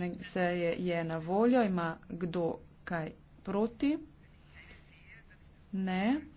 današnje seje je na voljo. Ima kdo kaj proti? Ne.